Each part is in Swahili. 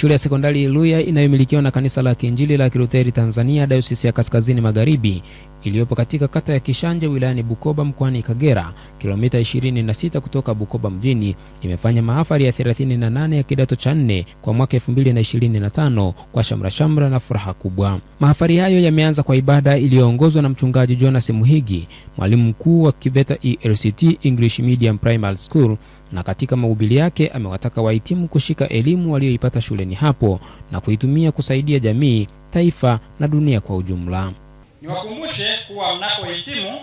shule ya sekondari Iluya inayomilikiwa na kanisa la Kiinjili la Kilutheri Tanzania Dayosisi ya Kaskazini Magharibi iliyopo katika kata ya Kishanje wilayani Bukoba mkoani Kagera, kilomita 26 kutoka Bukoba mjini, imefanya mahafali ya 38 ya kidato cha nne kwa mwaka 2025 kwa shamrashamra na furaha kubwa. Mahafali hayo yameanza kwa ibada iliyoongozwa na Mchungaji Jonas Muhigi, mwalimu mkuu wa Kibeta ELCT English Medium Primary School na katika mahubiri yake amewataka wahitimu kushika elimu walioipata shuleni hapo na kuitumia kusaidia jamii, taifa na dunia kwa ujumla. Niwakumbushe kuwa mnapohitimu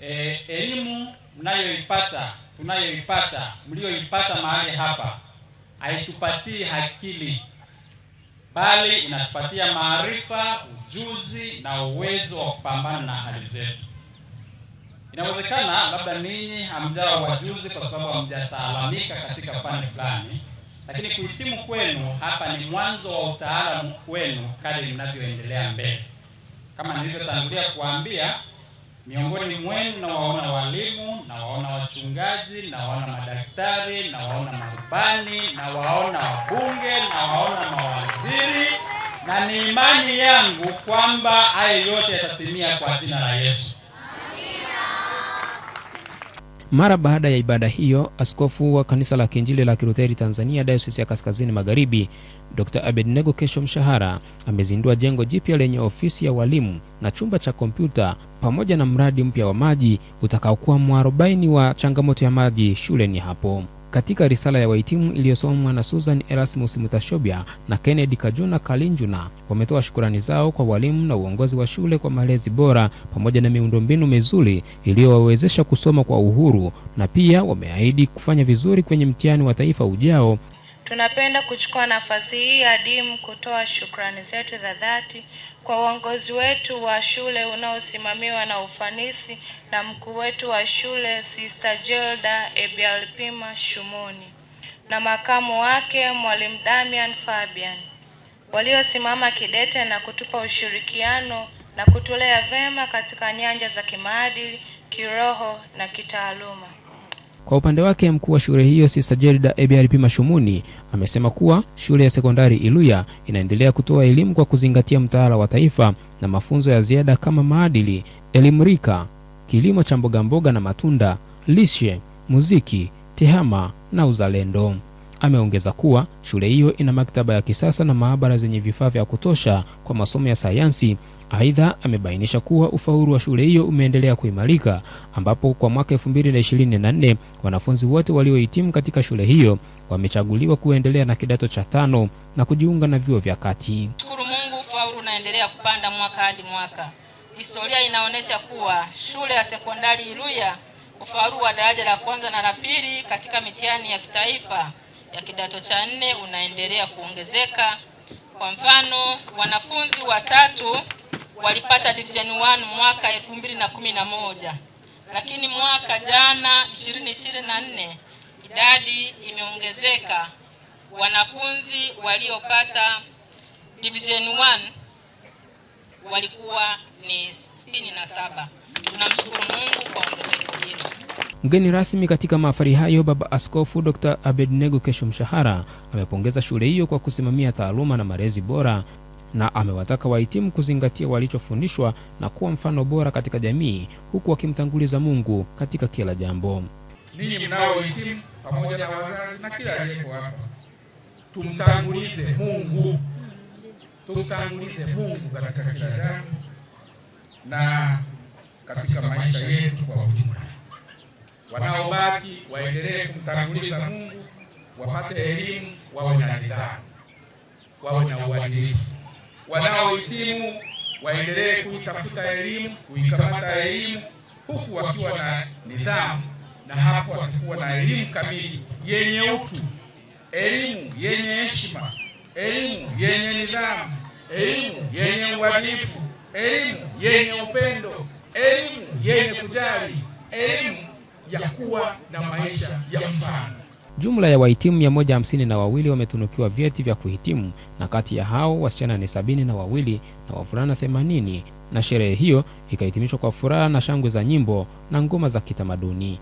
e, elimu mnayoipata tunayoipata mlioipata mahali hapa haitupatii akili, bali inatupatia maarifa, ujuzi na uwezo wa kupambana na hali zetu. Inawezekana labda ninyi hamjawa wajuzi kwa sababu hamjataalamika katika fani fulani, lakini kuhitimu kwenu hapa ni mwanzo wa utaalamu wenu kadri mnavyoendelea mbele. Kama nilivyotangulia kuambia, miongoni mwenu nawaona walimu, nawaona wachungaji, nawaona madaktari, nawaona marubani, nawaona wabunge, nawaona mawaziri, na ni imani yangu kwamba haya yote yatatimia kwa jina la Yesu. Mara baada ya ibada hiyo, askofu wa kanisa la Kiinjili la Kilutheri Tanzania Dayosisi ya Kaskazini Magharibi, Dr. Abednego Kesho Mshahara, amezindua jengo jipya lenye ofisi ya walimu na chumba cha kompyuta pamoja na mradi mpya wa maji utakaokuwa mwarobaini wa changamoto ya maji shuleni hapo. Katika risala ya wahitimu iliyosomwa na Susan Erasmus mutashobia na Kennedy Kajuna Kalinjuna, wametoa shukurani zao kwa walimu na uongozi wa shule kwa malezi bora pamoja na miundombinu mizuri iliyowawezesha kusoma kwa uhuru, na pia wameahidi kufanya vizuri kwenye mtihani wa taifa ujao Tunapenda kuchukua nafasi hii adimu kutoa shukrani zetu za dhati kwa uongozi wetu wa shule unaosimamiwa na ufanisi na mkuu wetu wa shule Sister Jelda Ebialpima Shumoni na makamu wake Mwalimu Damian Fabian waliosimama kidete na kutupa ushirikiano na kutulea vema katika nyanja za kimaadili, kiroho na kitaaluma. Kwa upande wake mkuu wa shule hiyo Sista Jerida Ebrp Mashumuni amesema kuwa shule ya sekondari Iluya inaendelea kutoa elimu kwa kuzingatia mtaala wa taifa na mafunzo ya ziada kama maadili, elimu rika, kilimo cha mbogamboga na matunda, lishe, muziki, tehama na uzalendo. Ameongeza kuwa shule hiyo ina maktaba ya kisasa na maabara zenye vifaa vya kutosha kwa masomo ya sayansi. Aidha, amebainisha kuwa ufaulu wa shule hiyo umeendelea kuimarika ambapo kwa mwaka 2024 wanafunzi wote waliohitimu katika shule hiyo wamechaguliwa kuendelea na kidato cha tano na kujiunga na vyuo vya kati. Shukuru Mungu, ufaulu unaendelea kupanda mwaka hadi mwaka. Historia inaonyesha kuwa shule ya sekondari Iruya ufaulu wa daraja la kwanza na la pili katika mitihani ya kitaifa ya kidato cha nne unaendelea kuongezeka. Kwa mfano, wanafunzi watatu walipata division 1 mwaka 2011 lakini mwaka jana 2024 idadi imeongezeka, wanafunzi waliopata division 1 walikuwa ni 67. Tunamshukuru Mungu kwa ongezeko hilo. Mgeni rasmi katika mahafali hayo, Baba Askofu Dr. Abednego Kesho Mshahara amepongeza shule hiyo kwa kusimamia taaluma na malezi bora na amewataka wahitimu kuzingatia walichofundishwa na kuwa mfano bora katika jamii huku wakimtanguliza Mungu katika kila jambo. Ninyi mnaohitimu pamoja na wazazi na kila aliyeko hapa, tumtangulize Mungu, tumtangulize Mungu katika kila jambo na katika maisha yetu kwa ujumla wanaobaki waendelee kumtanguliza Mungu, wapate elimu, wawe na nidhamu, wawe na uadilifu. Wanaohitimu waendelee kuitafuta elimu, kuikamata elimu, huku wakiwa na nidhamu, na hapo watakuwa na elimu kamili yenye utu, elimu yenye heshima, elimu yenye nidhamu, elimu yenye uadilifu, elimu yenye upendo, elimu yenye kujali, elimu ya kuwa na maisha ya mfano. Jumla ya wahitimu mia moja hamsini na wawili wametunukiwa vyeti vya kuhitimu na kati ya hao wasichana ni sabini na wawili na wavulana themanini na sherehe hiyo ikahitimishwa kwa furaha na shangwe za nyimbo na ngoma za kitamaduni.